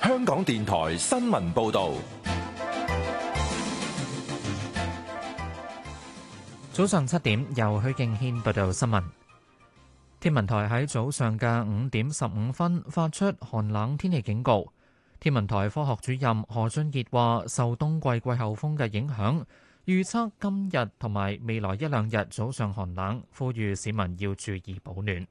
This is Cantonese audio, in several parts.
香港電台新聞報道，早上七點由許敬軒報道新聞。天文台喺早上嘅五點十五分發出寒冷天氣警告。天文台科學主任何俊傑話，受冬季季候風嘅影響。預測今日同埋未來一兩日早上寒冷，呼籲市民要注意保暖。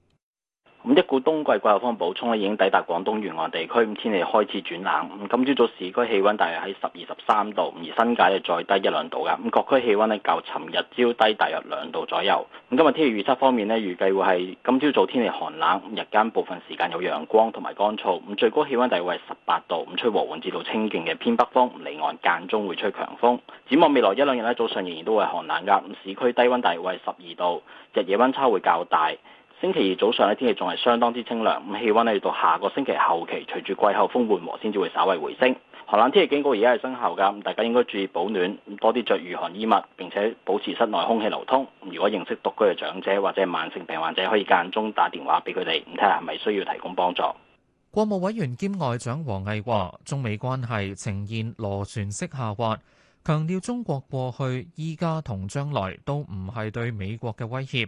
咁一股冬季季候風補充咧，已經抵達廣東沿岸地區，咁天氣開始轉冷。咁今朝早，早市區氣温大約喺十二十三度，而新界又再低一兩度噶。咁各區氣温咧較尋日朝低大約兩度左右。咁今日天氣預測方面咧，預計會係今朝早，早天氣寒冷，日間部分時間有陽光同埋乾燥。咁最高氣温大約為十八度，咁吹和緩至到清勁嘅偏北風，離岸間中會吹強風。展望未來一兩日咧，早上仍然都係寒冷噶。咁市區低温大約為十二度，日夜温差會較大。星期二早上嘅天氣仲係相當之清涼，咁氣温咧要到下個星期後期，隨住季候風緩和，先至會稍微回升。寒冷天氣警告而家係生效㗎，咁大家應該注意保暖，多啲着御寒衣物，並且保持室內空氣流通。如果認識獨居嘅長者或者慢性病患者，可以間中打電話俾佢哋，唔睇下係咪需要提供幫助。國務委員兼外長王毅話：中美關係呈現螺旋式下滑，強調中國過去、依家同將來都唔係對美國嘅威脅。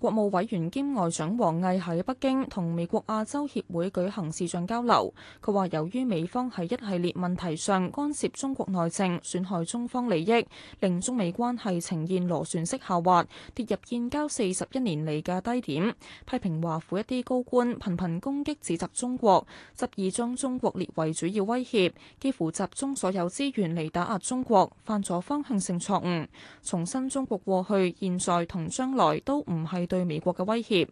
國務委員兼外長王毅喺北京同美國亞洲協會舉行視像交流。佢話：由於美方喺一系列問題上干涉中國內政，損害中方利益，令中美關係呈現螺旋式下滑，跌入建交四十一年嚟嘅低點。批評華府一啲高官頻頻攻擊指責中國，執意將中國列為主要威脅，幾乎集中所有資源嚟打壓中國，犯咗方向性錯誤。重申中國過去、現在同將來都唔係。對美國嘅威脅，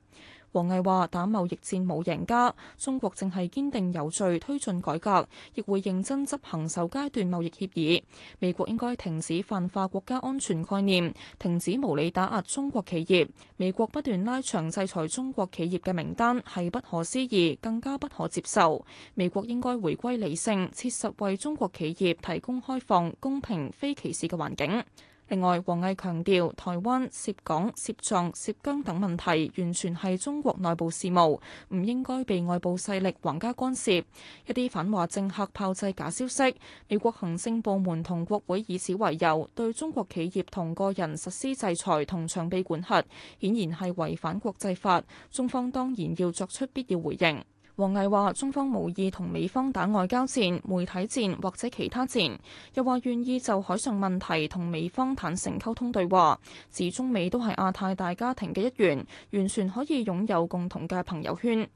王毅話，打貿易戰冇贏家，中國正係堅定有序推進改革，亦會認真執行首階段貿易協議。美國應該停止泛化國家安全概念，停止無理打壓中國企業。美國不斷拉長制裁中國企業嘅名單，係不可思議，更加不可接受。美國應該回歸理性，切實為中國企業提供開放、公平、非歧視嘅環境。另外，王毅強調，台灣涉港、涉藏、涉疆等問題完全係中國內部事務，唔應該被外部勢力橫加干涉。一啲反華政客炮製假消息，美國行政部門同國會以此為由對中國企業同個人實施制裁同長臂管轄，顯然係違反國際法，中方當然要作出必要回應。王毅話，中方無意同美方打外交戰、媒體戰或者其他戰，又話願意就海上問題同美方坦誠溝通對話，指中美都係亞太大家庭嘅一員，完全可以擁有共同嘅朋友圈。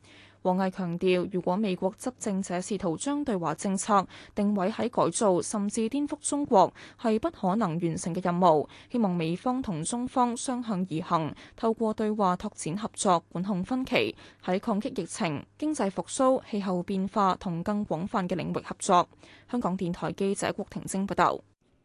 王毅強調，如果美國執政者試圖將對華政策定位喺改造甚至顛覆中國，係不可能完成嘅任務。希望美方同中方雙向而行，透過對話拓展合作，管控分歧，喺抗擊疫情、經濟復甦、氣候變化同更廣泛嘅領域合作。香港電台記者郭婷晶報道。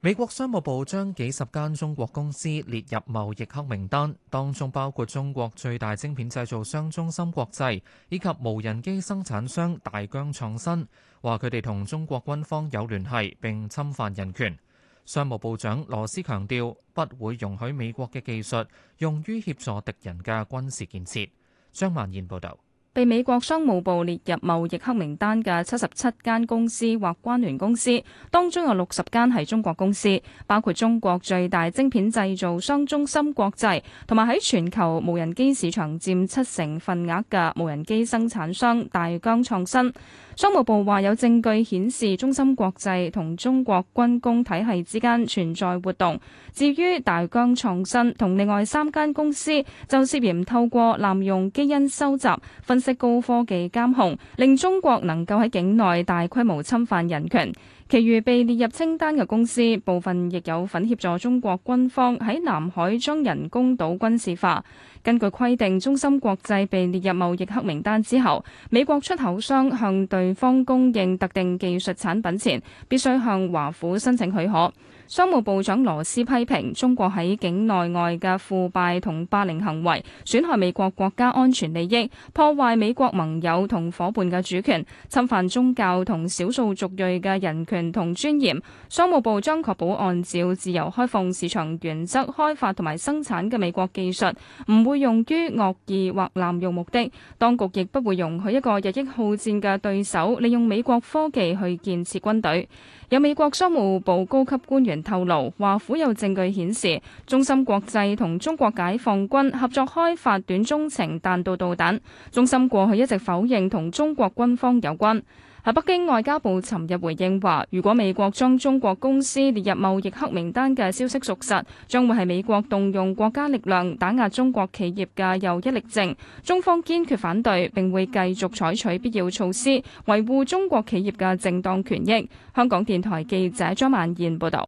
美國商務部將幾十間中國公司列入貿易黑名單，當中包括中國最大晶片製造商中芯國際以及無人機生產商大疆創新，話佢哋同中國軍方有聯繫並侵犯人權。商務部長羅斯強調，不會容許美國嘅技術用於協助敵人嘅軍事建設。張曼燕報導。被美國商務部列入貿易黑名單嘅七十七間公司或關聯公司，當中有六十間係中國公司，包括中國最大晶片製造商中芯國際，同埋喺全球無人機市場佔七成份額嘅無人機生產商大疆創新。商務部話有證據顯示中芯國際同中國軍工體系之間存在活動。至於大疆創新同另外三間公司，就涉嫌透過濫用基因收集分。即高科技監控，令中國能夠喺境內大規模侵犯人權，其餘被列入清單嘅公司，部分亦有份協助中國軍方喺南海將人工島軍事化。根據規定，中芯國際被列入貿易黑名單之後，美國出口商向對方供應特定技術產品前，必須向華府申請許可。商務部長羅斯批評中國喺境內外嘅腐敗同霸凌行為，損害美國國家安全利益，破壞美國盟友同伙伴嘅主權，侵犯宗教同少數族裔嘅人權同尊嚴。商務部將確保按照自由開放市場原則開發同埋生產嘅美國技術，唔會用於惡意或濫用目的。當局亦不會容許一個日益好戰嘅對手，利用美國科技去建設軍隊。有美國商務部高級官員。透露話，華府有證據顯示，中芯國際同中國解放軍合作開發短中程彈道導彈。中芯過去一直否認同中國軍方有關。喺北京外交部尋日回應話，如果美國將中國公司列入貿易黑名單嘅消息屬實，將會係美國動用國家力量打壓中國企業嘅又一力證。中方堅決反對，並會繼續採取必要措施維護中國企業嘅正當權益。香港電台記者張萬燕報道。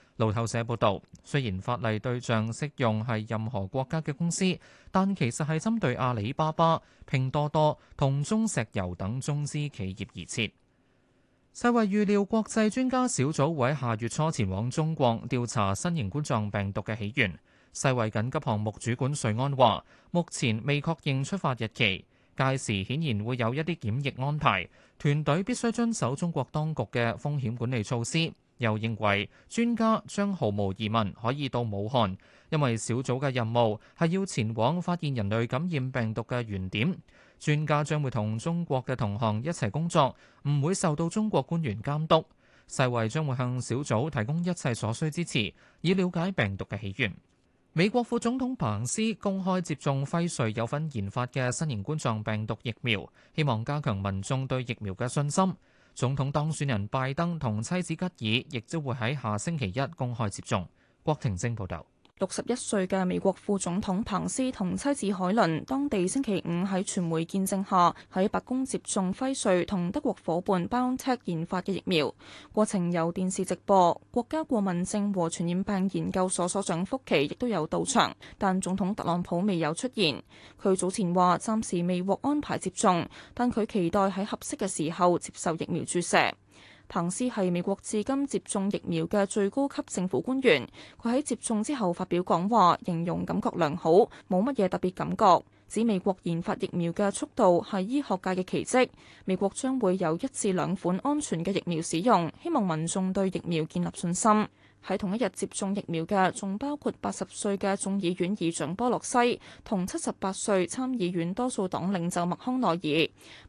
路透社報道，雖然法例對象適用係任何國家嘅公司，但其實係針對阿里巴巴、拼多多同中石油等中資企業而設。世衛預料國際專家小組會喺下月初前往中國調查新型冠狀病毒嘅起源。世衛緊急項目主管瑞安話，目前未確認出發日期，屆時顯然會有一啲檢疫安排，團隊必須遵守中國當局嘅風險管理措施。又認為專家將毫無疑問可以到武漢，因為小組嘅任務係要前往發現人類感染病毒嘅源點。專家將會同中國嘅同行一齊工作，唔會受到中國官員監督。世衛將會向小組提供一切所需支持，以了解病毒嘅起源。美國副總統彭斯公開接種輝瑞有份研發嘅新型冠狀病毒疫苗，希望加強民眾對疫苗嘅信心。總統當選人拜登同妻子吉爾，亦都會喺下星期一公開接種。郭婷晶報導。六十一歲嘅美國副總統彭斯同妻子凱倫，當地星期五喺傳媒見證下，喺白宮接種輝瑞同德國伙伴 BioNTech 研發嘅疫苗。過程由電視直播，國家過敏症和傳染病研究所所長福奇亦都有到場，但總統特朗普未有出現。佢早前話暫時未獲安排接種，但佢期待喺合適嘅時候接受疫苗注射。彭斯係美國至今接種疫苗嘅最高級政府官員，佢喺接種之後發表講話，形容感覺良好，冇乜嘢特別感覺，指美國研發疫苗嘅速度係醫學界嘅奇蹟。美國將會有一至兩款安全嘅疫苗使用，希望民眾對疫苗建立信心。喺同一日接種疫苗嘅，仲包括八十歲嘅眾議院議長波洛西同七十八歲參議院多數黨領袖麥康奈爾。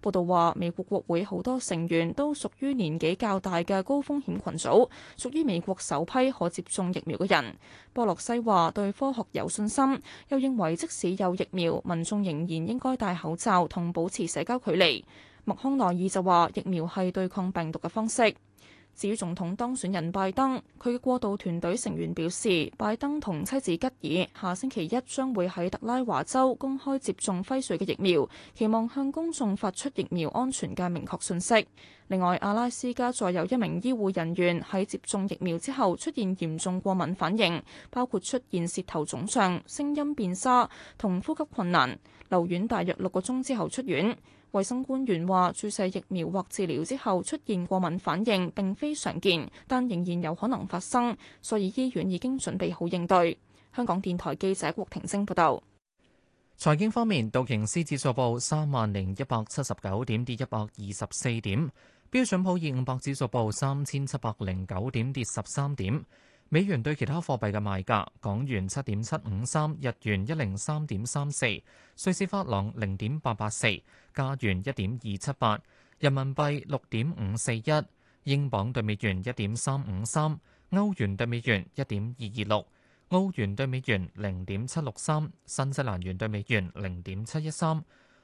報道話，美國國會好多成員都屬於年紀較大嘅高風險群組，屬於美國首批可接種疫苗嘅人。波洛西話對科學有信心，又認為即使有疫苗，民眾仍然應該戴口罩同保持社交距離。麥康奈爾就話疫苗係對抗病毒嘅方式。至於總統當選人拜登，佢嘅過渡團隊成員表示，拜登同妻子吉爾下星期一將會喺特拉華州公開接種輝瑞嘅疫苗，期望向公眾發出疫苗安全嘅明確訊息。另外，阿拉斯加再有一名醫護人員喺接種疫苗之後出現嚴重過敏反應，包括出現舌頭腫脹、聲音變沙同呼吸困難，留院大約六個鐘之後出院。衛生官員話，注射疫苗或治療之後出現過敏反應，並非常見，但仍然有可能發生，所以醫院已經準備好應對。香港電台記者郭婷晶報道。財經方面，道瓊斯指數報三萬零一百七十九點，跌一百二十四點；標準普爾五百指數報三千七百零九點，跌十三點。美元對其他貨幣嘅賣價：港元七點七五三，日元一零三點三四，瑞士法郎零點八八四，加元一點二七八，人民幣六點五四一，英鎊對美元一點三五三，歐元對美元一點二二六，澳元對美元零點七六三，新西蘭元對美元零點七一三。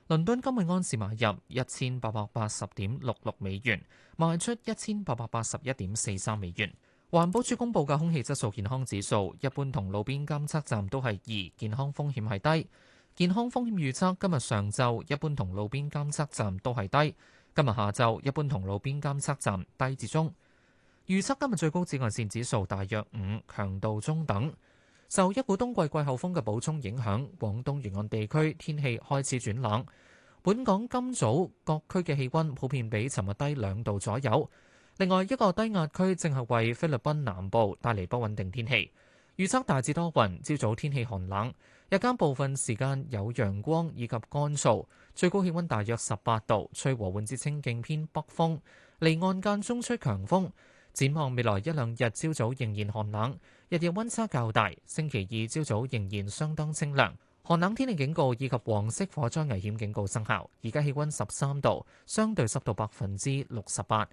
倫敦金每安士買入一千八百八十點六六美元，賣出一千八百八十一點四三美元。環保署公布嘅空氣質素健康指數，一般同路邊監測站都係二，健康風險係低。健康風險預測今日上晝一般同路邊監測站都係低，今日下晝一般同路邊監測站低至中。預測今日最高紫外線指數大約五，強度中等。受一股冬季季候風嘅補充影響，廣東沿岸地區天氣開始轉冷。本港今早各區嘅氣温普遍比尋日低兩度左右。另外一個低壓區正係為菲律賓南部帶嚟不穩定天氣，預測大致多雲，朝早天氣寒冷，日間部分時間有陽光以及乾燥，最高氣溫大約十八度，吹和緩至清勁偏北風，離岸間中吹強風。展望未來一兩日，朝早仍然寒冷，日夜溫差較大。星期二朝早，早仍然相當清涼，寒冷天氣警告以及黃色火災危險警告生效。而家氣溫十三度，相對濕度百分之六十八。